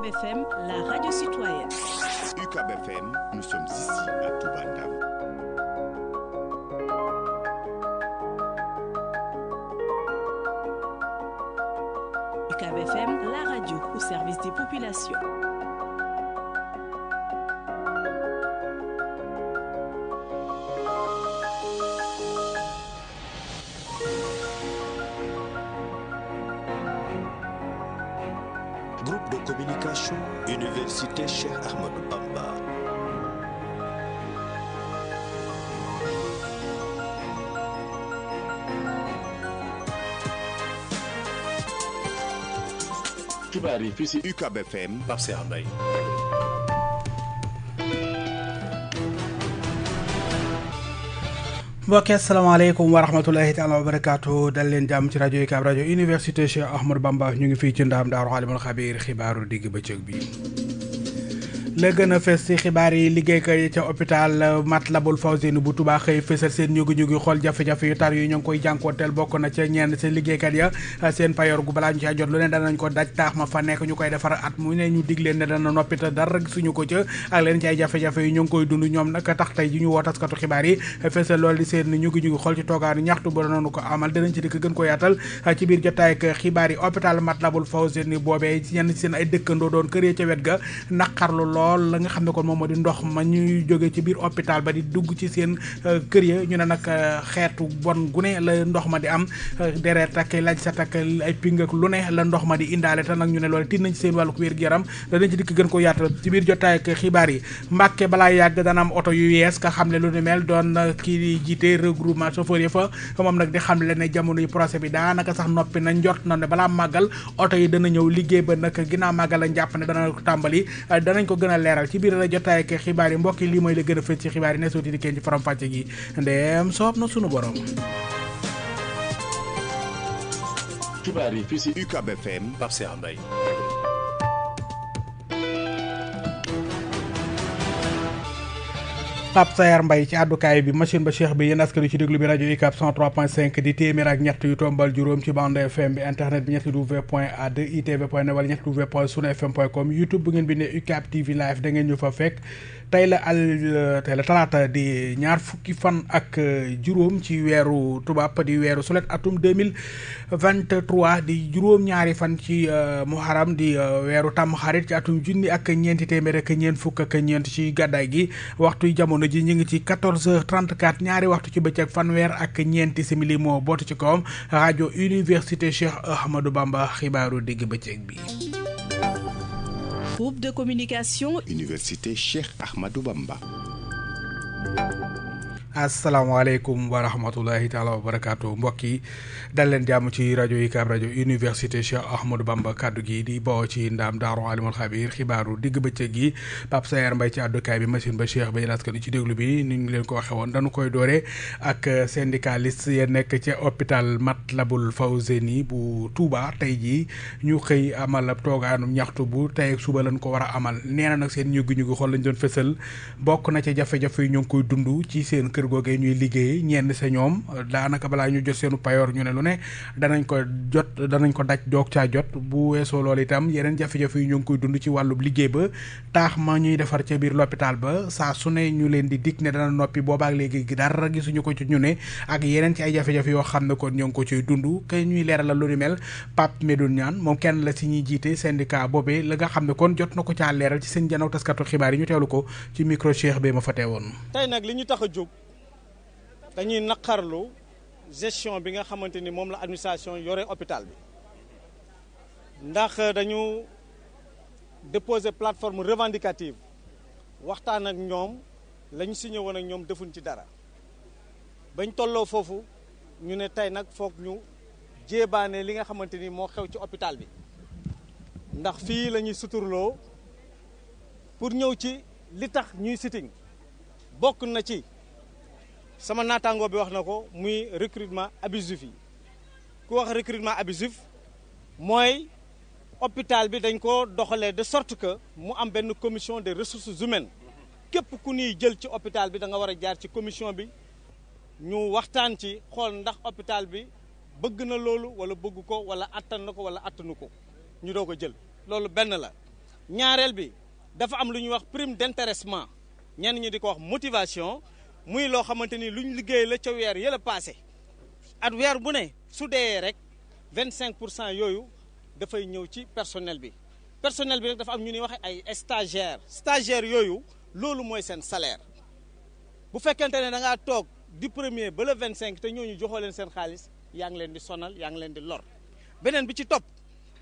UCABFM, la radio citoyenne. UCABFM, nous sommes ici à Toubandam. UCABFM, cité Cheikh Ahmadou Bamba. xibaar yi fii si UCAB FM Pape Cheikh Mbaye. mbokk yi asalaamaaleykum wa barakaatu dal leen jàmm ci rajo UCAB rajo université Cheikh Ahmadou Bamba ñu ngi fii ci ndaam daaru alimul xabiir xibaaru digg bëccëg bi. la gën a fees ci xibaar yi liggéeykat yi ca hôpital Matlaboul Fawzeyni bu Touba xëy fësal seen ñugi-ñugi xool jafe yu tar yu ñu ngi koy jànkoonteel bokk na ca ñenn seen liggéeykat ya seen payoor gu balaa ñu caa jot lu ne danañ ko daj fa nekk ñu koy defar at mu ne dig leen ne dana noppi te dara suñu ko leen ay jafe-jafe yu ngi koy dund ñoom nag tax tey ji ñu woo taskatu xibaar yi fësal loolu di seen ñugi-ñugi xool ci toogaanu ñaxtu ba ko amal dinañ ci dikk gën ko yaatal ci biir jotaay ak xibaar yi hôpital Matlaboul Fawzeyni boobee ñenn seen ay dëkkandoo doon kër ya ca wet ga naqarlu lool lool la nga xam ne kon moom moo di ndox ma ñuy jóge ci biir hôpital ba di dugg ci seen euh, kër ya ñu ne nag euh, xeetu bon gune la ndox ma di am euh, deret ak laaj sa takk ay ping ak lu ne la ndox ma di indaale te nag ñu ne loolu tiit nañ ci seen wàllu wér gu yaram danañ ci dikk gën ko yaatal ci biir jotaay ak xibaar yi Mbàkke balaa yàgg dana am oto yu yees ka xam ne lu ni mel doon kii jiite regroupement chauffeur yi fa moom nag di xam le ne jamono yi procès bi daanaka sax noppi na njort na ne balaa màggal oto yi dana ñëw liggéey ba nag ginnaaw màggal lañ jàpp ne dana a leeral ci biir la jotaay ak xibaar yi mbokk yi lii mooy la gën a fës ci xibaar yi ne suuti di kenn ci faram fàcce gi ndeem soob na sunu borom. yi fii si UCAB FM Pape Pape Sayar Mbaye ci àddukaay bi machine ba cheikh bi yéen askan wi ci déglu bi rajo UCAB 103.5 di téeméer ak ñett yu tombal juróom ci bande FM bi internet bi ñetti w point a 2 itv point net wala ñetti w point sunu fm com YouTube bu ngeen bi ne UCAB TV live da ngeen ñu fa fekk tey la al euh, tey la talaata di ñaar fukki fan ak euh, juróom ci weeru tubaab di weeru sulet atum deux mille vingt trois di juróom-ñaari fan ci euh, muharam di weeru tamxarit ci atum junni ak ñeenti téeméer ak ñeent fukk ak ñeent ci gàddaay gi waxtu jamono ji ñu ngi ci quatorze heures trente quatre ñaari waxtu ci bëccëg fanweer ak ñeenti simili moo bootu ci kawam rajo université Cheikh Ahmadou Bamba xibaaru digg bëccëg bi. groupe de communication Université Cheikh Ahmadou Bamba. asalaamaaleykum wa rahmatulahi taala wa barakaatu mbokk yi dal leen jàmm ci rajo UCAB rajo université Cheikh Ahmadou Bamba kaddu gi di bawoo ci ndaam daaru alimul xabir xibaaru digg bëccëg gi Pape Sayar mbay ci àddukaay bi machine ba Cheikh ba yéen askan ci déglu bi ni ñu leen ko waxe woon dañu koy doore ak syndicaliste ya nekk ca hôpital Matlaboul Fawzeyni bu Touba tey jii ñu xëy amal ab toogaanum ñaxtu bu tey ak suba lañ ko war a amal neena nag seen ñuggi ñuggi xool lañ doon fësal bokk na ca jafe yi ñoo ngi koy dund ci seen kër kër googee ñuy liggéey ñenn sa ñoom daanaka balaa ñu jot seenu payoor ñu ne lu ne danañ ko jot danañ ko daj doog caa jot bu weesoo lool itam yeneen jafe-jafe yi ñu ngi koy dund ci wàllub liggéey ba taax ma ñuy defar ca biir l'hôpital ba saa su ne ñu leen di dig ne dana noppi boobaak léegi dara gisuñu ko ci ñu ne ak yeneen ci ay jafe yoo xam ne kon ñoo ngi ko ciy dund kay ñuy leeralal lu ni mel Pape Medoune Niane moom kenn la si ñuy jiite syndicat boobee la nga xam ne kon jot na ko caa leeral ci seen janaw taskatu xibaar yi ñu teewlu ko ci micro cheikh bi ma fa teewoon tey dañuy naqarlu gestion bi nga xamante ni moom la administration yore opital bi ndax dañu déposer plateforme revendicative waxtaan ak ñoom lañ signé woon ak ñoom defuñ ci dara bañ tolloo foofu ñu ne tey nag foog ñu jéebaane li nga xamante ni moo xew ci opital bi ndax fii la ñuy suturloo pour ñëw ci li tax ñuy sitting bokk na ci sama naataangoo bi wax na ko muy recrutement abusif yi ku wax recrutement abusif mooy hôpital bi dañ ko doxalee de sorte que mu am benn commission des ressources humaines képp ku ñuy jël ci hôpital bi danga war a jaar ci commission bi ñu waxtaan ci xool ndax hôpital bi bëgg na loolu wala bëgg ko wala attan ko wala attanu ko ñu doog ko jël loolu benn la ñaareel bi dafa am lu ñuy wax prime d'intéressement ñenn ñi di ko wax motivation muy loo xamante lu ñu liggéey la ca weer yële passé at weer bu ne su dee rek vingt cinq pour cent yooyu dafay ñëw ci personnel bi personnel bi rek dafa am ñu ñuy waxee ay stagiaire stagiaire yooyu loolu mooy seen salaire bu fekkente ne da toog di premier ba le vingt cinq te ñooñu joxoo leen seen xaalis yaa ngi leen di sonal yaa ngi leen di lor beneen bi ci topp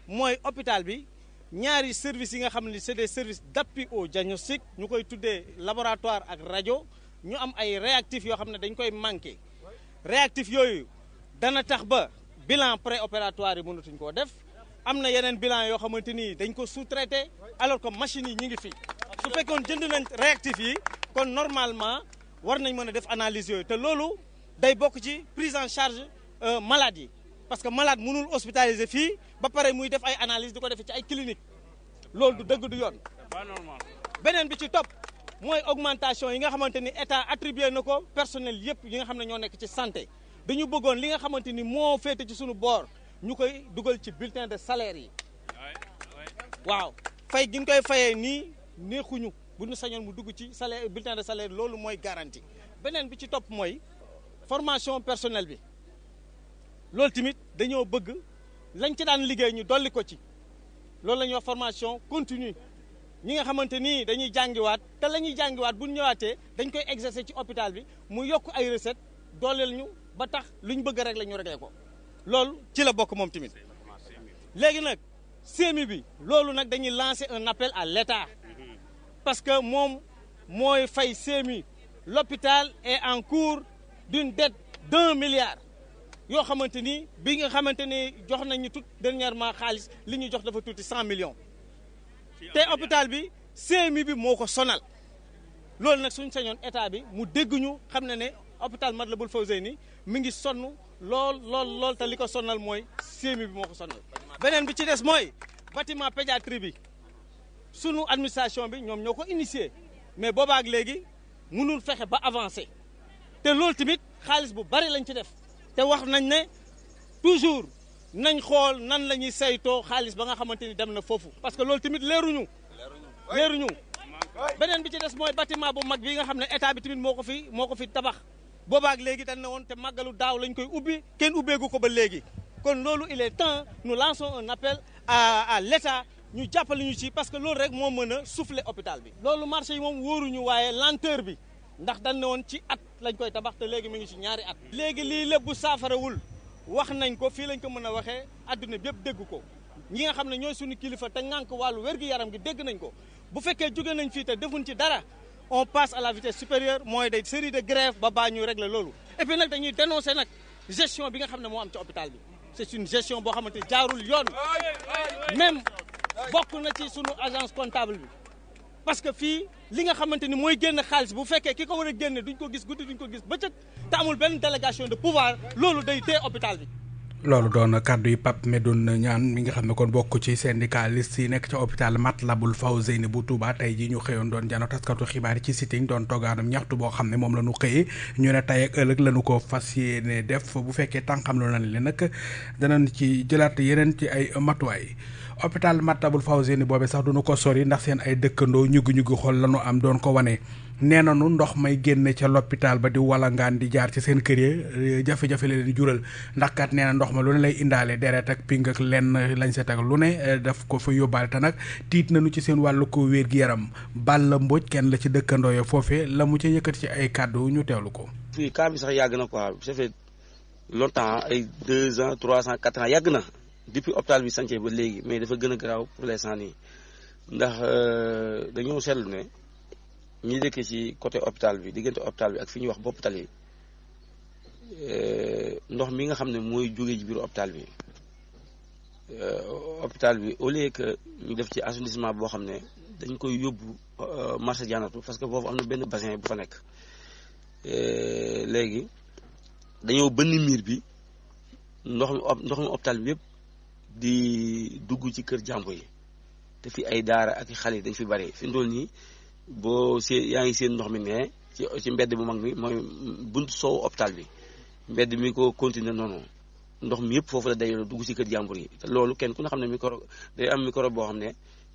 mooy hôpital bi ñaari services yi nga xam ne c'est des services d'appui au diagnostic ñu koy tuddee laboratoire ak rajo ñu am ay réactifs yoo xam ne dañ koy manqué réactifs yooyu dana tax ba bilan préopératoire yi mënatuñ koo def am na yeneen bilan yoo xamante ni dañ ko sous-traité alors que machines yi ñu ngi fi su fekkoon jënd nañ réactifs yi kon normalement war nañ mën a def analyse yooyu te loolu day bokk ci prise en charge euh, malade yi parce que malade mënul hospitaliser fii ba pare muy def ay analyse di ko defee ci ay clinique loolu du dëgg du yoon beneen bi ci topp mooy augmentation yi nga xamante ni état attribué na ko personnel yëpp yi nga xam ne ñoo nekk ci santé dañu bëggoon li nga xamante ni moo féete ci suñu boor ñu koy dugal ci bulletin de salaire yi waaw fay gi ñu koy fayee nii neexuñu bu ñu sañoon mu dugg ci salaire bulletin de salaire loolu mooy garanti beneen bi ci topp mooy formation personnelle bi loolu tamit dañoo bëgg lañ ci daan liggéey ñu dolli ko ci loolu la wax formation continue ñi nga xamante nii dañuy jàngiwaat te la ñuy jàngiwaat bu ñu ñëwaatee dañ koy exercer ci hôpital bi mu yokk ay recette dooleel ñu ba tax lu ñu bëgg a régler ñu régler ko loolu ci la bokk moom tamit léegi nag CMU bi loolu nag dañuy lancer un appel à l'État parce que moom mooy fay CMU l'hôpital est en cours d'une dette d'un yoo xamante ni bi nga xamante ni jox nañu tout dernièrement xaalis li ñu jox dafa tuuti cent million te hôpital bi CMU bi moo ko sonal loolu nag suñ sañoon état bi mu dégg ñu xam ne ne hôpital Matlaboul Fawzeyni mi ngi sonn lool lool lool te li ko sonal mooy CMU bi moo ko sonal beneen bi ci des mooy bâtiment pédiatrie bi sunu administration bi ñoom ñoo ko initié mais boobaak léegi munul fexe ba avancé te loolu tamit xaalis bu bari lañ ci def te wax nañ ne toujours nañ xool nan la ñuy saytoo xaalis ba nga xamante ni dem na foofu parce que loolu tamit leeruñu leeruñu beneen bi ci des mooy bâtiment bu mag bi nga xam ne état bi tamit moo ko fi moo ko fi tabax boobaak léegi dañ ne woon te màggalu daaw lañ koy ubbi kenn ubbeegu ko ba léegi kon loolu il est temps nous lançons un appel à à ñu jàppale ñu ci parce que loolu rek moo mën a souffler hôpital bi loolu marché yi moom wóoruñu waaye lenteur bi ndax dan ne woon ci at lañ koy tabax léegi mu ngi ci ñaari at léegi lii lépp bu saafarawul wax nañ ko fii lañ ko mën a waxee àdduna bi yëpp dégg ko ñi nga xam ne ñooy suñu kilifa te ŋànk wàllu wér-gi-yaram gi dégg nañ ko bu fekkee jóge nañ fii te defuñ ci dara on passe à la vitesse supérieure mooy day série de grève ba baa ñuy régler loolu et puis nag dañuy dénoncer nag gestion bi nga xam ne moo am ci hôpital bi c'est une gestion boo xamante jaarul yoon même bokk na ci suñu agence comptable bi parce que fii li nga xamante ni mooy génn xaalis bu fekkee ki ko war a génne duñ ko gis guddi duñ ko gis bëccëg te amul benn délégation de pouvoir loolu day tee hôpital bi. loolu doon kàddu yi Pape Medoune ñaan mi nga xam ne kon bokk ci syndicaliste yi nekk ca hôpital Matlaboul Fawzeyni bu Touba tey ji ñu xëyoon doon jano taskatu xibaar yi ci sitting doon toggaanam ñaxtu boo xam ne moom la ñu xëyee ñu ne tey ak ëllëg lañu ko fas yéene def bu fekkee tànqam lu nañ li nag danañ ci jëlaat yeneen ci ay matuwaay. hôpital Matlaboul Fawzeyni boobe sax du ko sori ndax seen ay dëkkandoo ñuggi-ñuggi xool la nu am doon ko wane nee nu ndox may génne ca l'hôpital ba di walangaan di jaar ci seen kër yi eh, jafe-jafe la leen jural ndax kat nee ndox ma lu lay indaale deret ak ping ak lenn lañ sa teg lu ne eh, daf ko fa yóbbaale te nag tiit nañu ci seen wàllu ko wér gi yaram Balla Mbodj kenn la ci dëkkandoo ya foofe la mu ca yëkkati ci ay kàddu ñu teewlu ko. fii cas bi sax yàgg na ko ça fait longtemps ay deux ans trois yàgg na. depuis hôpital bi sancee ba léegi mais dafa gën a garaaw pour l'instant nii ndax euh, dañoo seetlu ne ñi dekkee ci côté hôpital bi diggante hôpital bi ak fi ñuy wax bopp tali euh, ndox mi nga xam ne mooy jóge ci biir hôpital bi euh, hôpital bi au lieu que ñu def ci assainissement boo xam ne dañ koy yóbbu marché jaanatu parce que foofu am na benn bassin bu fa nekk léegi dañoo bënn miir bi ndox mi ndox mi hôpital bi yëpp di dugg ci kër jàmbur yi te fi ay daara ak xale yi dañ fi bari fi ndool nii boo see yaa ngi seen ndox mi ne ci ci mbedd bu mag mi mooy bunt soow hôpital bi mbedd mi ko continuer noonu ndox mi yëpp foofu la dayoo dugg ci kër jàmbur yi te loolu kenn ku ne xam ne micro day am micro boo xam ne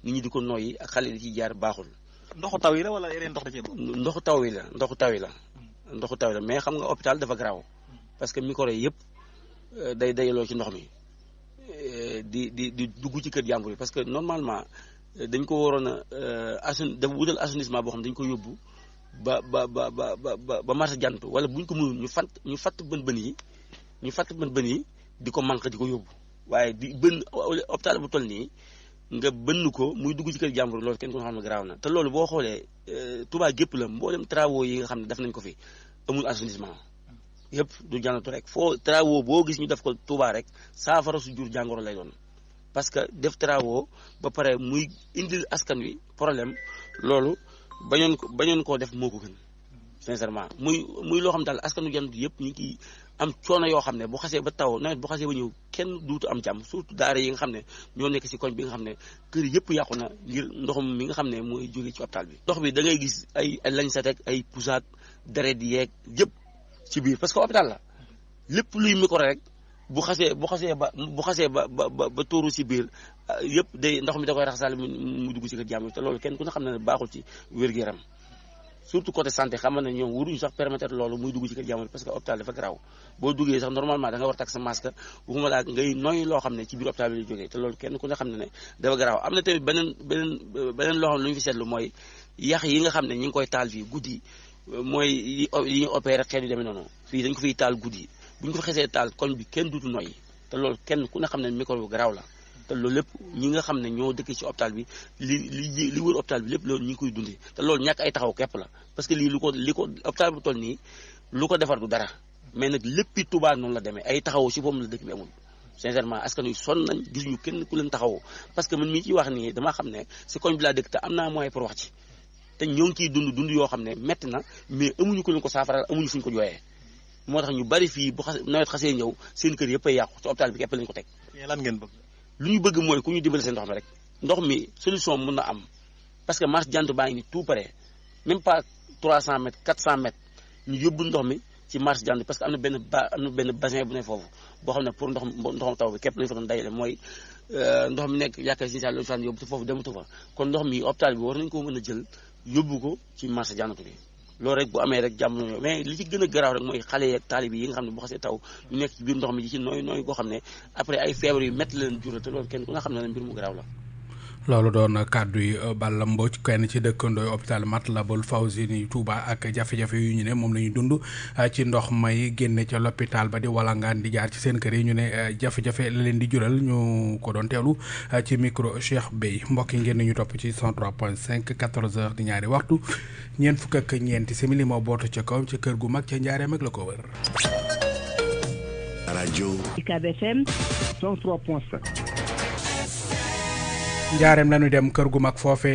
nit ñi di ko yi ak xale di ci jaar baaxul. ndoxu taw yi la wala yeneen ndox ndoxu taw yi la ndoxu taw yi la. ndoxu taw yi mais xam nga hôpital dafa garaaw hmm. parce que micro yi yëpp euh, day dayaloo ci ndox mi. di di di dugg ci kër jàmbur yi parce que normalement euh, dañ ko waroon a euh, assun dafa wutal assainissement boo xam dañ ko yóbbu ba ba ba ba ba ba marché jant wala buñ ko mënul ñu fat ñu fatt bën bën yi ñu fatt bën bën yi di ko manqué di ko yóbbu waaye di bën hôpital bu toll nii nga bën ko muy dugg ci kër jàmbur loolu kenn ko xam ne garaaw na te loolu boo xoolee euh, Touba gépp la mboolem travaux yi nga xam ne def nañ ko fi amul assainissement yëpp du jàngatu rek foo travaux boo gis ñu def ko tuubaa rek saafara su jur jàngoro lay doon parce que def travaux ba pare muy indil askan wi problème loolu bañoon ko bañoon koo def moo ko gën sincèrement muy muy loo xam daal askanu jant yëpp ñu ngi am coono yoo xam ne bu xasee ba taw nawet bu xasee ba ñëw kenn duutu am jàmm surtout daare yi nga xam ne ñoo nekk ci koñ bi nga xam ne kër yëpp yàqu na ngir ndoxum mi nga xam ne mooy jóge ci hôpital bi. ndox bi da ngay gis ay lañ sa teg ay pusaat deret yeeg yëpp. ci biir parce que hôpital la lépp luy ko rek bu xasee bu xasee ba bu xasee ba ba ba tuuru si biir euh, yëpp day ndox mi da koy raxasal mu dugg si kër jàmm te kenn ku ne xam na ne baaxul ci wér-gu-yaram surtout côté na ñoom waruñu sax permettre loolu muy dugg ci kër jàmm parce que hôpital dafa garaaw boo duggee sax normalement da nga war xam ne ci biir hôpital bi lay te loolu kenn ku ne xam ne ne dafa garaaw am na tamit beneen beneen beneen loo xam ne lu ñu fi seetlu mooy yax yi nga xam ne ñu ngi koy taal fii guddi mooy yi yi ñuy opéré xeet yu noonu fii dañ ko fiy taal guddi bu ñu ko xesee taal koñ bi kenn duutu noyyi te loolu kenn ku ne xam ne micro bu garaaw la te loolu lépp ñi nga xam ne ñoo dëkk ci hôpital bi li li wër hôpital bi lépp loolu ñu ngi koy te loolu ñàkk ay taxaw képp la parce que lii lu ko li ko hôpital bu toll nii lu ko defar du dara mais nag léppi Tuubaa noonu la demee ay taxaw si boobu la dëkk bi amul sincèrement askan wi sonn nañ gis ñu te ñoo ngi ciy dund dund yoo xam ne métti na mais amuñu ko leen ko saafara amuñu fuñu ko jooyee moo tax ñu bari fii bu xas nawet xasee ñëw seen kër yëpp ay yàqu ci bi képp lañ ko teg. lan ngeen bëgg. lu ñu bëgg mooy ku ñu dimbali seen ndox mi rek ndox mi solution mun na am parce que marché jant baa ngi tout près même pas 300 mètres 400 mètres ñu yóbbu ndox mi ci marché jant parce que am benn ba bu ne foofu boo xam ne pour ndox ndoxam taw bi képp lañ fa doon dajale euh, ndox mi nekk yaakaar si saa ci foofu dematu fa mi hôpital bi war nañ ko mën a jël yóbbu ko ci marché jànnatu bi loolu rek bu amee rek jàmm nañu mais li ci gën a garaaw rek mooy xale yeeg taalib yi nga xam ne bu xasee taw ñu nekk ci biir ndox mi ci nooy nooy koo xam ne après ay feebar yu métti leen jural te loolu kenn ku nga xam ne la mbir mu garaaw la loolu doon kàddu yi euh, Balla Mbodj kenn ci dëkkandooy hôpital Matlaboul Fawzeyni Touba ak jafe-jafe yu ñu ne moom la ñu dund euh, ci ndox may génne ca l'hôpital ba di walangaan di jaar ci seen kër yi ñu ne euh, jafe-jafe la leen di jural ñu ko doon teelu ci micro Cheikh Bey mbokk yi ngeen ñu topp ci 103.5 14 heures di ñaari waxtu ñeent fukk ñeenti simili moo bootu ca kaw ci kër gu mag ca Njaareem ak la ko wër. rajo. njaareem la ñu dem kër gu mag foofe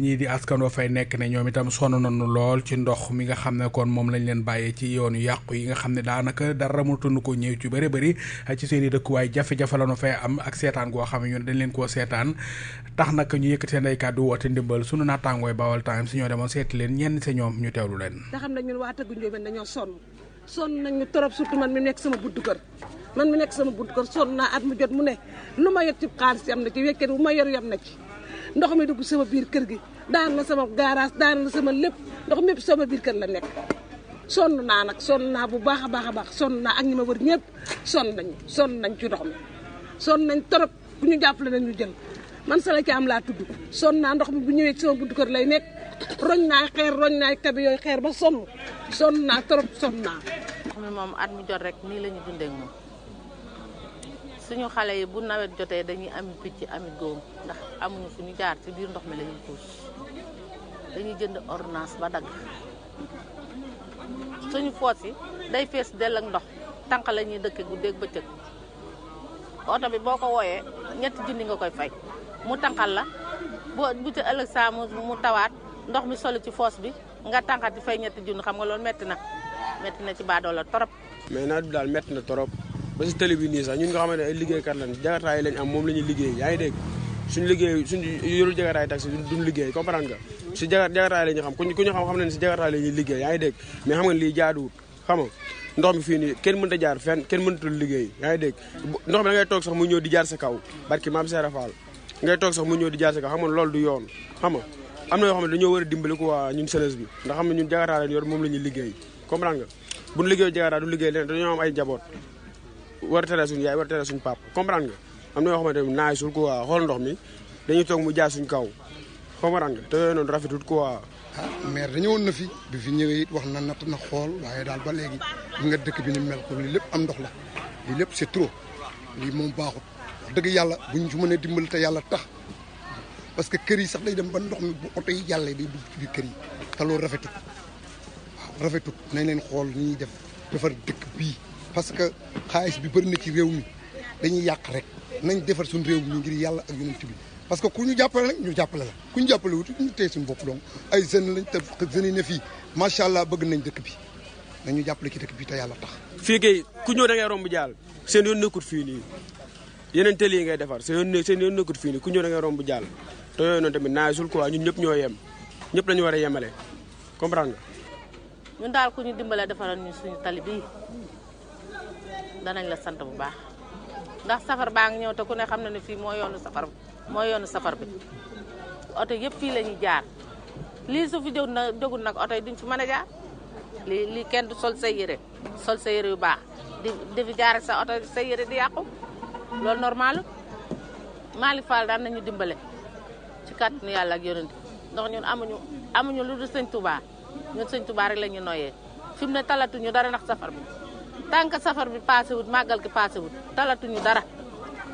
ñii di askan wa fay nekk ne ñoom itam sonn nañu lool ci mi xam ne kon moom lañ leen bàyyee ci yoonu yàqu yi nga xam ne daanaka dara mënatuñu ko ñëw ci bëri i dëkkuwaay jafe-jafe la ñu fay am ak seetaan goo xam ne ñu dañ leen koo seetaan tax nag ñu yëkkati seen ay kàddu woote ndimbal sunu naataangooy Baol Times leen ñenn sa ñoom ñu teewlu leen. te xam ne ñun waa nekk sama buddu kër man mi nekk sama bunt kër sonn naa at mu jot mu ne lu ma yor ci xaalis yam na ci wekket bu ma yor yam na ci ndox mi dugg sama biir kër gi daan na sama garage daan na sama lépp ndox mi sama biir kër la nekk sonn naa nag sonn naa bu baax a baax a baax sonn naa ak ñi ma wër ñëpp sonn nañu sonn nañ ci ndox mi sonn nañ trop bu ñu jàppale nañ ñu jël man sala ci am laa tudd sonn naa ndox mi bu ñëwee ci sama buntu kër lay nekk roñ naa xeer roñ naa kabi xeer ba sonn sonn naa trop sonn naa. moom at mu jot rek nii la ñu dundee moom. suñu xale yi bu nawet jotee dañuy ami picc ami góom ndax amuñu suñu jaar ci biir ndox mi la ñuy dañuy jënd ordonnance ba dagg suñu foos yi day fees dell ak ndox tànk la ñuy dëkke guddeeg bëccëg oto bi boo ko wooyee ñetti junni nga koy fay mu tanqal la boo bu ci ëllëg saa mu tawaat ndox mi solu ci foos bi nga tànqati fay ñetti junni xam nga loolu metti na metti na ci baadoo la torop mais nawet bi daal metti na torop ba si télé nii sax ñun nga xam ne liggéey liggéeykat lañ jagataay lañ am moom la ñuy liggéey yaa ngi dégg suñu liggéey suñu yorul jagataay taxi duñ liggéey comprendre nga si jagat jagataay la ñu xam ku ñu xam xam ne si liggéey yaa ngi dégg mais xam nga lii jaaduwut xam nga ndox mi fii nii kenn mënta jaar fenn kenn mëntul liggéey yaa ngi dégg ndox mi da ngay toog sax mu ñëw di jaar sa kaw barki maam Seera Fall ngay mu ñëw di jaar sa kaw xam nga loolu du yoon nga am na yoo xam war a dimbali quoi ñun seleuse bi ndax xam ne ñun jagataay lañ yor la ñuy liggéey comprendre nga buñ liggéey jagataay du liggéey ay njaboot war a tere suñu yaay war a tere suñu papa comprendre nga am na yoo xamante ne naay sul quoi xool ndox mi dañuy toog mu jaay suñ kaw comprendre nga te yooyu noonu rafetul ko ah maire dañu woon na fi bi fi ñëwee it wax na natt na xool waaye daal ba léegi li nga dëkk bi ni mel ko lii lépp am ndox la lii lépp c'est trop lii moom baaxut wax dëgg yàlla bu ñu ci mënee dimbali te yàlla tax parce que kër yi sax day dem ba ndox mi bu oto yi jàllee day dugg ci biir kër yi loolu rafetut waaw rafetut nañ xool ni ñuy def parce que xaalis bi bëri na ci réew mi dañuy yàq rek nañ defar suñu réew mi ngir yàlla ak yonent bi parce que ku ñu jàppale nag ñu jàppale la ku ñu jàppale wut ñu téye suñu ay jeunes lañ te jeunes macha allah bëgg nañ dëkk bi nañu jàppale ci dëkk bi te yàlla tax. fii ku ñëw da ngay romb jaal seen yoon nekkut fii nii yeneen tëli yi ngay defar seen yoon seen yoon ku ñëw da ngay romb jaal te yooyu noonu tamit naaj sul quoi ñun ñëpp ñoo yem ñëpp lañu war a yemale comprendre nga. ñu tali bi danañ la sant bu baax ndax safar baa ngi ñëw te ku ne xam na ne fii moo yoonu safar moo yoonu safar bi oto yëpp fii la ñuy jaar lii su fi jóg na jógul nag oto yi duñ fi mën a jaar lii kenn du sol sa yére sol sa yére yu baax di di jaar sa oto sa yére di yàqu loolu normal Malick Fall daan nañu dimbale ci kàttanu yàlla ak yonent ndax ñun amuñu amuñu lu dul sëñ Touba ñun sëñ Touba rek la ñu noyyee fi mu ne talatuñu dara nax safar bi tant que safar bi passé wut màggal gi passé wut talatuñu dara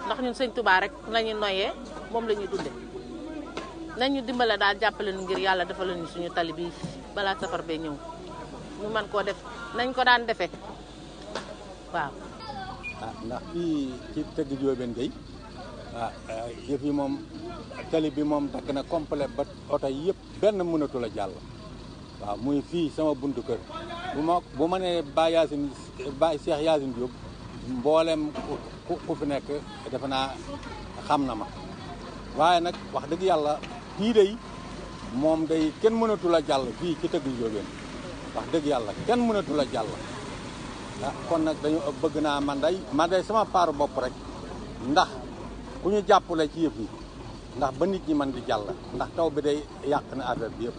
ndax ñun sëñ Touba rek lañuy noyee moom la ñuy dunde nañu dimbale daal jàppale nu ngir yàlla defal ñu suñu tali bi balaa safar bee ñëw ñu mën koo def nañ ko daan defee waaw. Ah, ndax fii ci tëgg Jóobeen Gueye ah yëf yi moom tali bi moom dagg na complet ba oto yëpp benn mënatul a jàll. waaw muy fii sama buntu kër bu ma bu ma nee Ba Yacine Ba Cheikh Yacine Diop mboolem ku fi nekk defe naa xam na ma waaye nag wax dëgg yàlla fii day moom day kenn mënatul a jàll fii ci tëgg jógeen wax dëgg yàlla kenn mënatul a jàll ah kon nag dañu bëgg naa man day man sama paaru bopp rek ndax ku ñu jàppale ci yëf yi ndax ba nit ñi man di jàll ndax taw bi day yàq na affaire bi yëpp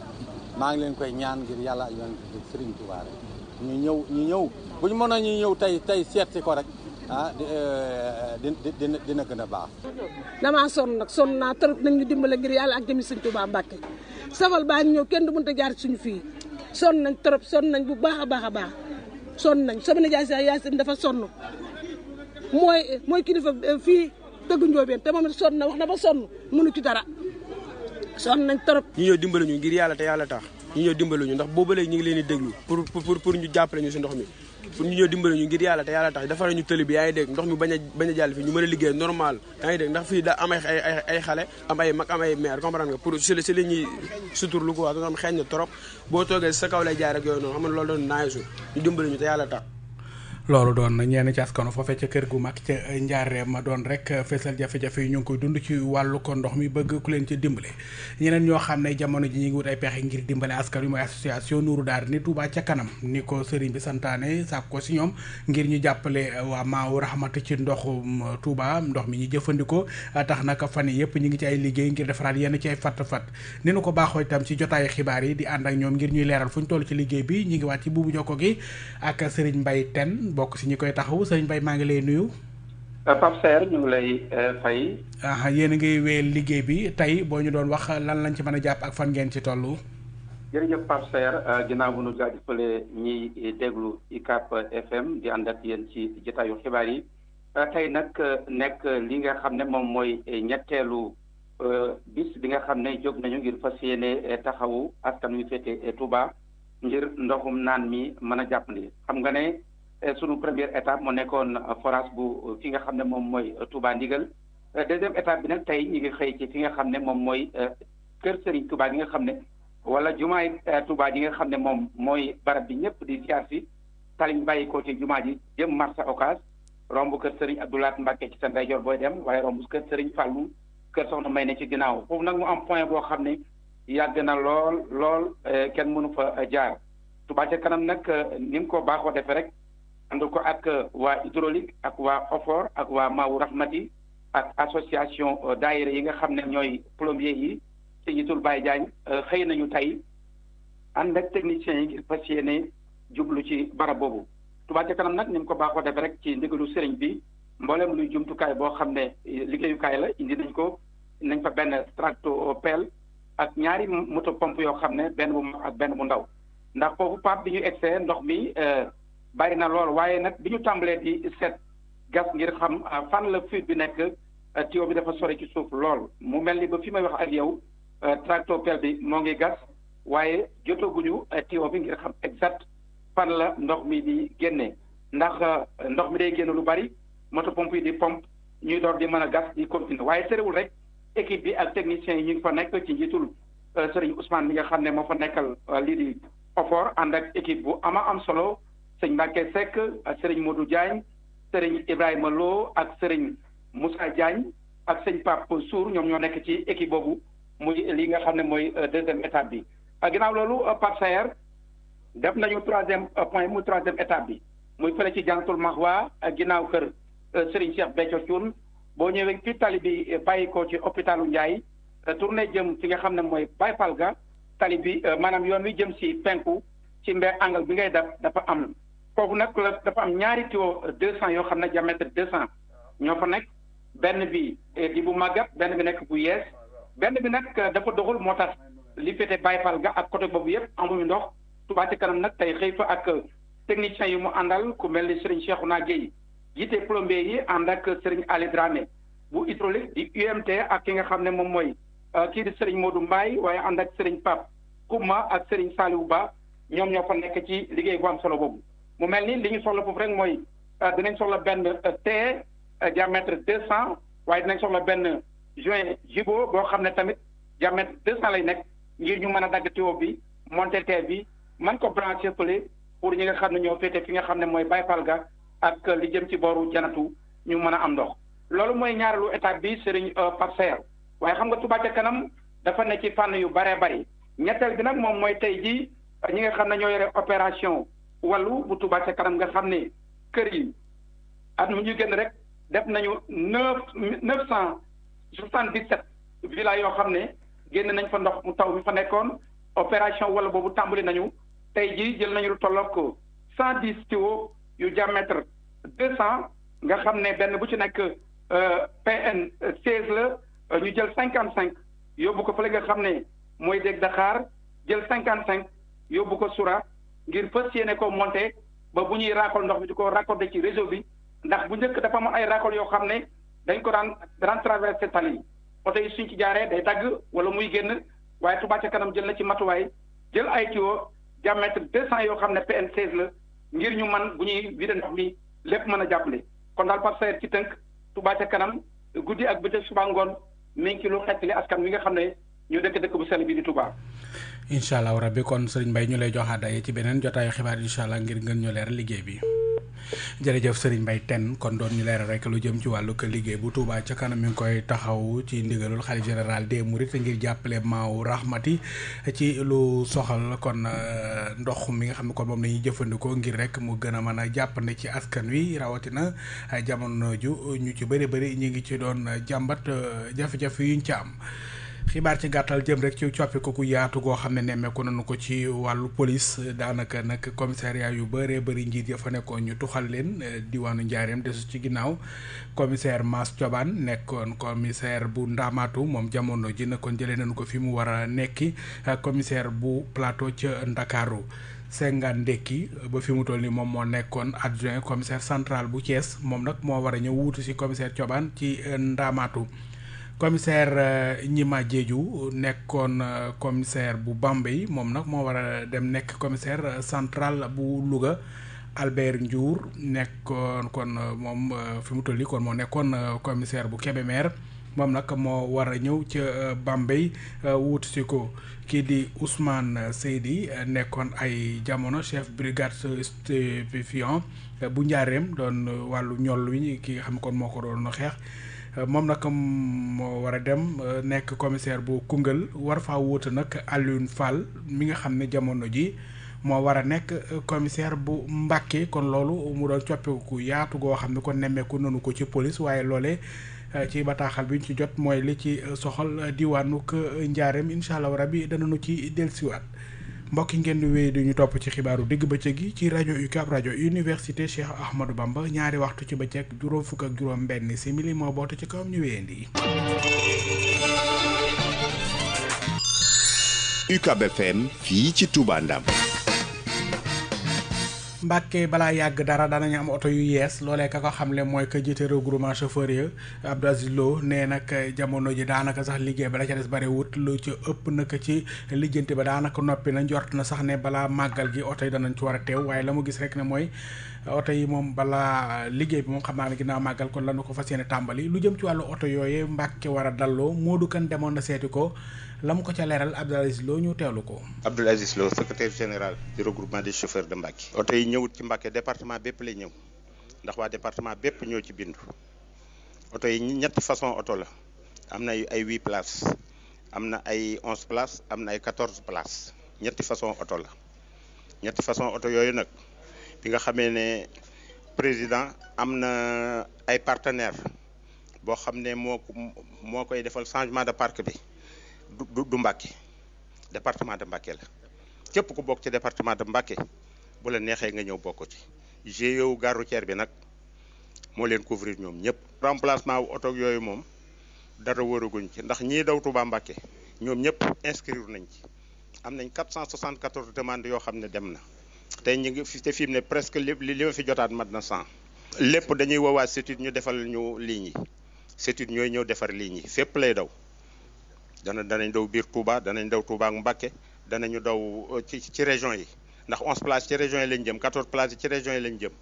maa ngi leen koy ñaan ngir yàlla ak yoon bi sëriñ ñu ñëw ñu ñëw bu ñu mënoon ñu ñëw tey tey seetsi ko rek ah di eh, dina dina gën a baax. damaa sonn nag sonn naa trop nañ ñu dimbale ngir yàlla ak jëmi sëriñ Tuubaa Mbàkke samal baa ñëw kenn du mënta jaar suñu fii sonn nañ trop sonn nañ bu baax a baax a baax sonn nañ sama nijaay sa Yaasin dafa sonn mooy mooy kilifa eh, fii dëgg Njoobeen te moom sonn na wax na ba sonn mënu ci dara. sonn nañ trop. ñu ñëw dimbalu ñu ngir yàlla te yàlla tax ñu ñëw dimbalu ñu ndax booba ñu ngi leen di déglu pour pour pour ñu jàppale ñu si ndox mi pour ñu ñëw ngir yàlla te yàlla tax dafa ñu tëli bi dégg ndox mi bañ a bañ a jàll fii ñu mën a normal yaa dégg ndax fii da am ay ay ay xale am ay mag am ay maire comprendre nga pour si si sutur lu ko wax dañoo am xeeñ na trop boo toogee sa kaw lay jaar ak yooyu noonu xam nga loolu doon naagisu ñu dimbali ñu te yàlla tax loolu doon ñeen ci askanu foofee ca kër gu mag ca njaareem ma doon rek feesal jafe-jafe yi ñu ngi koy dund ci wàllu ko ndox mi bëgg ku leen ca dimbale ñeneen ñoo xam ne jamono ji ñu ngi wut pexe ngir dimbale askan wi mooy association Nourou Daara ni Touba ca kanam ni ko sëriñ bi santaane sàkk ko si ñoom ngir ñu jàppale waa Maawu Rahmatu ci ndoxum Touba ndox mi ñu jëfandikoo tax naka fan yi yëpp ñu ngi ci ay liggéey ngir defaraat yenn ci ay fatt-fatt ni nu ko baaxoo itam ci jotaayu xibaar yi di ànd ak ñoom ngir ñuy leeral fu ñu toll ci liggéey bi ñu ngi waat ci buubu jokko gi ak sëriñ Mbay Ten bokk si ñi koy taxawu sëriñ bay maa ngi lay nuyu. Euh, Pape Serre ñu ngi lay euh, fay. Ah, yéen a ngi wéyal liggéey bi tey boo ñu doon wax lan lañ ci mën a jàpp ak fan ngeen ci toll. jërëjëf Pape Serre euh, ginnaaw bu nu jaajëfalee ñiy déglu UCAB FM di ànd ak yéen ci jotaayu xibaar yi tey nag nekk li nga xam ne moom mooy ñetteelu bis bi nga xam ne jóg nañu ngir fas yéene taxawu askan wi féete Touba ngir ndoxum naan mi mën a jàppandi xam nga ne. Euh, sunu première étape moo nekkoon euh, forage bu euh, fi nga xam ne moom mooy Touba Ndigal deuxième étape bi nag tey ñi ngi xëy ci fi nga xam ne moom mooy kër Serigne Touba gi nga xam ne wala jumaay tubaa ji nga xam ne moom mooy barab bi ñëpp di siyaar si taliñ bàyyi ko ci jumaa ji jëm marché Ocass romb kër Serigne Abdoulaat Mbacke ci seen ndeyjoor booy dem waaye romb kër Serigne Fallou kër soxna may ne ci ginnaaw foofu nag moo am point boo xam ne yàgg na lool lool kenn mënu fa jaar Touba ca kanam nag ni mu ko baaxoo defee rek. ànd ko ak euh, waa hydraulique ak waa OFOR ak waa Maawu Rahmati ak association euh, daayira yi nga xam ne ñooy plombier yi ci njiitul baay Diagne euh, xëy nañu tey ànd ak techniciens yi ngir fas yéene jublu ci barab boobu Touba ca kanam nag ni ko baaxoo def rek ci ndigalu seriñ bi mboolem luy jumtukaay boo xam ne eh, liggéeyukaay la indi nañ ko nañ fa benn tracto pelle ak ñaari moto pompe yoo xam ne benn bu ak benn bu ndaw ndax foofu pape bi ñu egsee ndox mi bari na lool waaye nag bi ñu tàmbalee di set gas ngir xam ah, fan la fuite bi nekk ah, tuyau bi dafa sore ci suuf lool mu mel ni ba fi may wax ak yow ah, tractopelle bi moo ngi gas waaye jotaguñu tuyau bi ngir xam exact fan la ndox mi di génne ndax ndox mi day génn lu bari moto pompe yi di pompe ñuy door di mën a gas di continuer waaye terewul rek équipe bi ak techniciens yi ñu ngi fa nekk ci njiitul Serigne Ousmane bi nga xam ne moo fa nekkal lii di Ofor ànd ak équipe bu ama am solo. sëñ Mbacke Seck ak sëriñ Modou Diagne sëriñ Ibrahima Lo ak sëriñ Moussa Diagne ak sëñ Pape Sour ñoom ñoo nekk ci équipe boobu muy li nga xam ne mooy euh, deuxième étape bi. ginnaaw loolu euh, Pape Saer def nañu troisième euh, point muy troisième étape bi muy fële ci jantul Mahwa ginnaaw kër sëriñ Cheikh Béthio Thioune boo ñëwee ci tali bi bàyyi ko ci hôpitalu Ndiaye tourné jëm fi nga xam ne mooy Baye ga tali bi maanaam yoon wi jëm si penku ci mbé angle bi ngay def dafa am. foofu nag dafa am ñaari tuyau euh, deux cent yoo xam ne diamètre deux cent ñoo fa nekk benn bi euh, di bu màggat benn bi nekk bu yees benn bi nag euh, dafa doxul moo tax li féete bayfal ga ak côté boobu yëpp amuñu ndox Touba Kanam nag tey xëy fa ak technicien yi mu àndal ku mel ni Serigne Cheikhouna Gueye jiite plombier yi ànd ak Serigne Ali Dramé bu hydraulique di UMT ak ki nga xam ne moom mooy kii di Serigne Modou waaye ànd ak Serigne Pape Kouma ak Serigne Saliou Ba ñoom ñoo fa nekk ci liggéey bu am solo boobu. mu mel ni li ñu soxla foofu rek mooy euh, dinañ soxla benn euh, tee euh, diamètre deux cent waaye dinañ soxla benn juin jubóo boo xam ne tamit diamètre deux cent lay nekk ngir ñu mën a dagg tuyau bi monter tee bi man ko branché fële pour ñi nga xam ne ñoo féete fi nga xam ne mooy bay bayfal ga ak li jëm ci booru janatu ñu mën a am ndox loolu mooy ñaareelu état bi Serigne Pape Saer waaye xam nga Touba ca kanam dafa ne ci fànn yu baree bari ñetteel bi nag moom mooy tey jii ñi nga xam ne ñoo yore opération wallu bu Touba kanam nga xam ne kër yi at mu ñu génn rek def nañu neuf neuf cent soixante-dix-sept villa yoo xam ne génn nañ fa ndox mu taw mi fa nekkoon opération wala boobu tàmbali nañu tey jii jël nañu lu tolloog cent dix tuyaux yu diamètre deux cent nga xam ne benn bu ci nekk euh, PN seize la ñu jël cinquante cinq yóbbu ko fële nga xam ne mooy dégg Dakar jël cinquante cinq yóbbu ko Soura ngir fas yéene ko monté ba bu ñuy raccol ndox mi di ko raccordé ci réseau bi ndax bu njëkk dafa amoon ay racole yoo xam ne dañ ko daan daan traversé tali yi oto yi ci jaare day dagg wala muy génn waaye Touba ca kanam jël na ci matuwaay jël ay tuyaux diamètre deux cent yoo xam ne PN 16 la ngir ñu man bu ñuy vidé ndox mi lépp mën a jàppale kon daal Pape ci tënk Touba ca kanam guddi ak bëccëg subaa ngoon mi ngi ci lu askan wi nga xam ne ñu dëkk dëkk bu sell bi di Touba. incha allah rabbi kon sëriñ Mbaye ñu lay joxaat day ci beneen jotaayu xibaar incha allah ngir ngeen ñu leer liggéey bi. jërëjëf Serigne Mbaye Tène kon doon ñu leeral rek lu jëm ci wàllu ko liggéey bu Touba ca kanam mi ngi koy taxaw ci ndigalul xalif général des Mourides ngir jàppale maaw rahmati ci lu soxal kon euh, ndox mi nga xam ne kon moom la ñuy jëfandikoo ngir rek mu gën a mën a jàppandi ci askan wi rawatina euh, jamono ju ñu ci bëri bëri ñu ngi ci doon euh, jàmbat jafe-jafe yu ci am. xibaar ci gàttal jëm rek ci coppiku gu yaatu goo xam ne nemmeeku nañu ko ci wàllu police daanaka nag commissariat yu bëree bëri njiit ya fa nekkoon ñu tuxal leen diwaanu Njaareem desu ci ginnaaw commissaire Mass Thioban nekkoon commissaire bu ndaamaatu moom jamono ji na kon jëlee nañu ko fi mu war a nekki commissaire bu Plateau ca Ndakaaru. Senghane Ndekki ba fi mu toll nii moom moo nekkoon adjoint commissaire central bu cees moom nag moo war a ñëw wuutu si commissaire Thioban ci Ndamaatu. commissaire ñima euh, Diédhiou nekkoon euh, commissaire bu Bambey moom nag moo war a dem nekk commissaire euh, central bu Louga Albert Ndiour nekkoon kon moom fi mu toll nii kon moo nekkoon commissaire bu Kébémer moom nag moo war a ñëw ca Bambey wuutu si ko kii di Ousmane Seydi nekkoon ay jamono chef brigade stupéfiant bu njaareem doon wàllu ñoll wi ki xam kon moo ko doon xeex. [r] euh, moom nag moo war a dem euh, nekk commissaire :fra bu Koungheul war fa wuutu nag Alioune Fall mi nga xam ne jamono ji moo war a nekk euh, commissaire bu Mbacke kon loolu mu doon coppeeku yaatu goo xam ne kon nemmeeku nanu ko ci police waaye loole ci bataaxal biñ ci jot mooy li ci soxal diwaanu %e Ndiarème incha allah allahu :ar rabi :ar danañu ci dellusiwaat mbokki ngeen di wéy di ñu topp ci xibaaru digg bëccëg gi ci rajo UCAB rajo université Cheikh Ahmadou Bamba ñaari waxtu ci bëccëg juróom fukk ak juróom benn simili moo boote ci kawam ñu wéyandi. UCAB FM fii ci Touba Ndam. Mbàkke balaa yàgg dara danañu am oto yu yees loolee ka ko xamle mooy que jiite regroupement chauffeur ya Abdou Aziz Lo nee nag jamono ji daanaka sax liggéey ba la ca des bare wut lu ci ëpp nag ci lijjanti ba daanaka noppi na njort na sax ne balaa màggal gi oto yi danañ ci war a teew waaye la mu gis rek ne mooy oto yi moom balaa liggéey bi moom xam naa ne ginnaaw màggal kon lanu ko fas yéene tàmbali lu jëm ci wàllu oto yooyu Mbàkke war a dalloo Modou Kane demoon na seeti ko. lam mu ko ca leeral Abdoul Aziz Lo ñu teewlu ko. Abdoul Aziz Lo général du regroupement des chauffeurs de Mbacké. oto yi ñëwut ci Mbacké département bépp lay ñëw ndax waa département bépp ñoo ci bindu oto yi ñetti façon oto la am na ay huit place am na ay onze places am na ay quatorze places ñetti façon oto la ñetti façon oto yooyu nag bi nga xamee ne président am na ay partenaires boo xam ne moo moo koy defal changement de parc bi. du du Mbàkke département de Mbàkke la képp ku bokk ci département de Mbàkke bu la neexee nga ñëw bokk ci GIE wu gare bi nag moo leen couvrir ñoom ñëpp. remplacement wu oto yooyu moom dara wëraguñ ci ndax ñii daw Touba Mbàkke ñoom ñëpp inscrire nañ ci am nañ 474 demandes yoo xam ne dem na tey ñu ngi fi te fi mu ne presque li li ma fi jotaat mat na 100. lépp dañuy woowaat CETUD ñu defal ñu ligne yi CETUD ñooy ñëw defar ligne yi fépp lay daw. dana danañ daw biir Touba danañ daw Touba ak Mbacké danañu daw euh, ci ci région yi ndax onze places ci région yi lañ jëm quatorze places ci région yi lañ jëm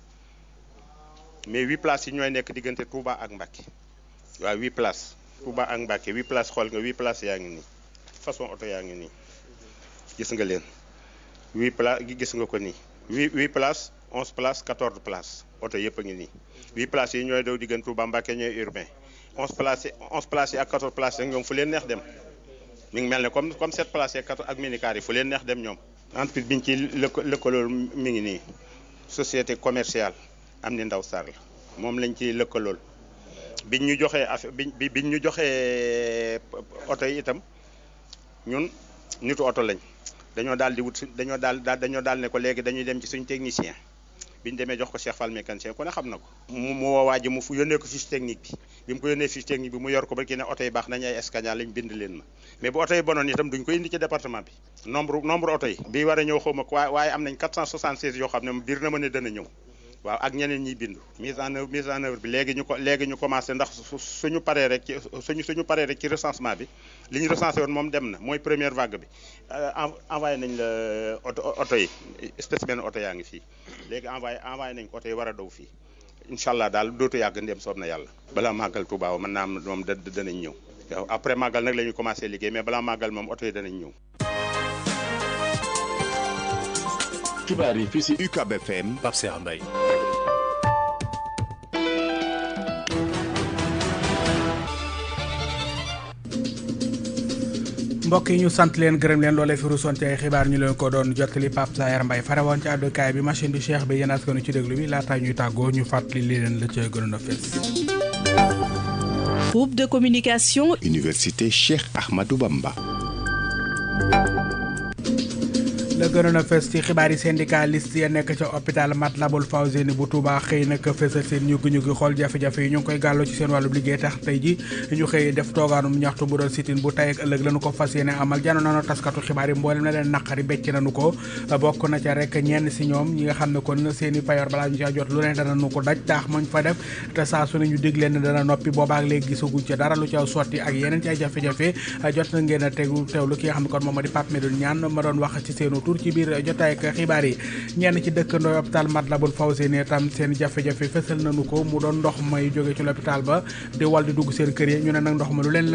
mais huit places yi ñooy nekk diggante Touba ak Mbacké waaw huit places Touba ak Mbacké huit places xool nga huit places yaa ngi nii façon oto yaa gis nga leen huit places gis nga ko nii huit huit places onze places quatorze places oto yëpp a ngi nii huit places yi ñooy daw diggante Touba Mbacké ñooy urbain onze places onze places yi ak quatorze places rek ñoom fu leen neex dem mi ngi mel ne comme comme cette place yeeg ak minicar yi fu leen neex dem ñoom. entreprise bi ñu ciy lëkkaloo mi ngi nii société commerciale am ni ndaw Sarr moom lañ ciy lëkkalool bi ñu joxee affaire bi biñ ñu joxee oto yi itam ñun nitu oto lañ dañoo daal di wut dañoo daal dañoo daal ne ko léegi dañuy dem ci suñ technicien. biñ demee jox ko Cheikh Fall mécanicien ku ne xam na ko mu mu woowaa ji mu yónnee ko fiche technique bi bi mu ko yónnee fiche technique bi mu yor ko ba kii ne oto baax nañ ay escania lañ bind leen ma mais bu oto bonoon itam duñ ko indi ci département bi nombre nombre oto bi war a ñëw xaw ma waaye am nañ 476 yoo xam ne biir na ma ne dana ñëw waaw ak ñeneen ñiy bindu mise en oeuvre mise en oeuvre bi léegi ñu ko léegi ñu commencé ndax suñu paree rek ci suñu suñu paree rek ci recensement bi li ñu recensé woon moom dem na mooy première vague bi euh, envoyé nañ la euh, oto oto yi spécimen oto yaa ngi fii léegi envoyé envoyé nañ ko oto yi war a daw fii incha allah daal dootu yàgg ndem soob na yàlla balaa màggal Tuubaa mën naa am moom danañ ñëw après màggal nag la ñu commencé liggéey mais balaa màggal moom oto yi danañ ñëw xibaar yi fii si UCAB FM Pape mbokk yi ñu sant leen gërëm leen loolee fi ruusoon ci ay xibaar ñu leen ko doon jottali Pape Sayar Mbaye farawoon ci àddukaay bi machine du Cheikh bi yéen askanu ci déglu bi laata ñuy tàggoo ñu fàttali leen la ca gënoon a fees groupe de communication université Cheikh Ahmadou Bamba la gënoon a fës ci xibaar yi syndicaliste ya nekk ca hôpital Matlaboul Fawzeyni bu Touba xëy nag fësal seen ñu gi xool jafe-jafe yi ñu i payoor balaa ñu ca jot lu ko daj taax mañ fa ngeen a tegu ki nga xam ne kon moom ma di Pape Medoune Niane ma doon wax ci seenu retour ci biir jotaay ak xibaar yi ñenn ci dëkkandoo hôpital Matlaboul Fawzeyni tam seen jafe-jafe fësal nañu ko mu doon ndox may jóge ci l'hôpital ba di wal di dugg seen kër yi ñu ne nag ndox ma lu leen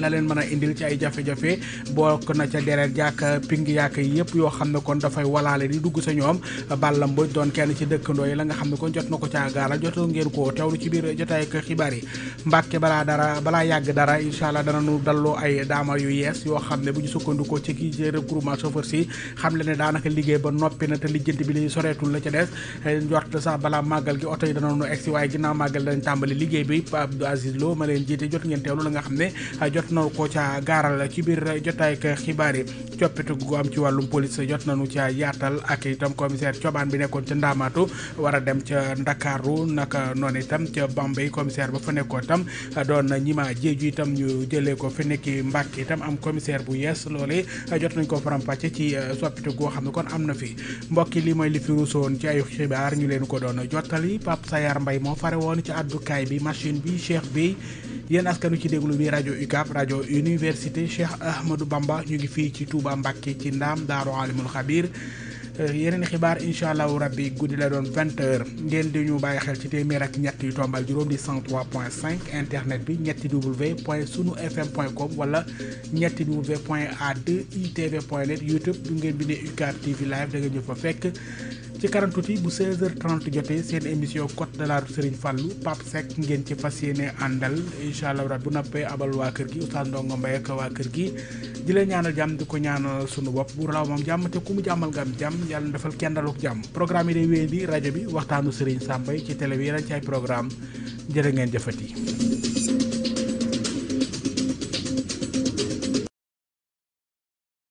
la leen mën a indil ci ay jafe-jafe bokk na ca deret yàq ping yàq yi yëpp yoo xam ne kon dafay walaale di dugg sa ñoom Balla Mbodj doon kenn ci dëkkandoo yi la nga xam ne kon jot na ko caa gaara jot ngeen ko teewlu ci biir jotaay ak xibaar yi Mbàkke balaa dara balaa yàgg dara incha allah danañu dalloo ay daama yu yees yoo xam ne xamle ne daanaka liggéey ba noppi na te lijjanti bi li soreetul la ca des njort sax balaa màggal gi oto yi danoonu egsi waaye ginnaaw màggal dañ tàmbali liggéey bi Pape Abdou Aziz Lo ma leen jiite jot ngeen teewlu la nga xam ne jot na ko ca gaaral ci biir jotaay ak xibaar yi coppitu gu am ci wàllum police jot nañu ca yaatal ak itam commissaire cobaan bi nekkoon ca Ndaamaatu war a dem ca Ndakaaru naka noonu itam ca Bambey commissaire ba fa nekkoon itam doon ñima jéeju itam ñu ko fi nekki Mbàkke itam am commissaire bu yees loole jot nañ ko faram yëngatu goo xam ne kon am na fi mbokki li mooy li fi ruusoon ci ay xibaar ñu leen ko doon jottali Pape Sayar Mbay moo fare woon ci addukaay bi machine bi Cheikh bi yéen askanu ci déglu bi rajo UCAB rajo université Cheikh Ahmadou Bamba ñu ngi fii ci tuuba Mbacke ci ndaam Daaru Alimul Xabir Euh, yeneen xibaar incha allahu rabbi guddi la doon vingt heures ngeen di ñu bàyyi xel ci téeméer ak ñett yu tombal juróom di cent trois cinq internet bi ñetti w point sunu fm point com wala ñetti w point a2 itv point net youtube du ngeen bindee UCAD TV live da nga fa fekk. ci kanam tuuti bu 16 jotee seen émission Côté de l'Art Serigne Fallou Pape Seck ngeen ci fas yéene àndal incha allah rabi bu nappee abal waa kër gi Oustaz Ndongo Mbaye ak waa kër gi di leen ñaanal jàmm di ko ñaanal sunu bopp bu raw moom jàmm te ku mu jàmmal nga am jàmm yàlla na defal kenn daluk jàmm programme yi day wéy di rajo bi waxtaanu Serigne Sambay ci télé bi yeneen ci ay programme jërë ngeen jëfati.